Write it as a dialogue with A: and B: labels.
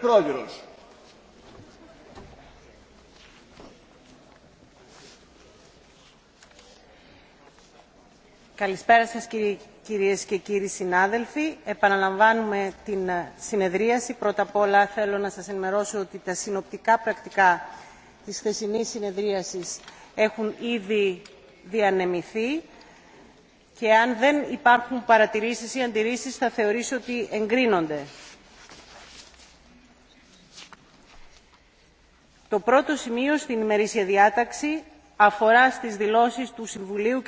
A: πρόεδρος.
B: Καλησπέρα σας κυρίες και κύριοι συνάδελφοι. Επαναλαμβάνουμε την ε, συνεδρίαση. Πρώτα απ' όλα θέλω να σας ενημερώσω ότι τα συνοπτικά πρακτικά της χθεσινής συνεδρίασης έχουν ήδη διανεμηθεί και αν δεν υπάρχουν παρατηρήσεις ή αντιρρήσεις θα θεωρήσω ότι εγκρίνονται. το πρώτο σημείο στην ημερήσια διάταξη
C: αφορά στις δηλώσεις του συμβουλίου και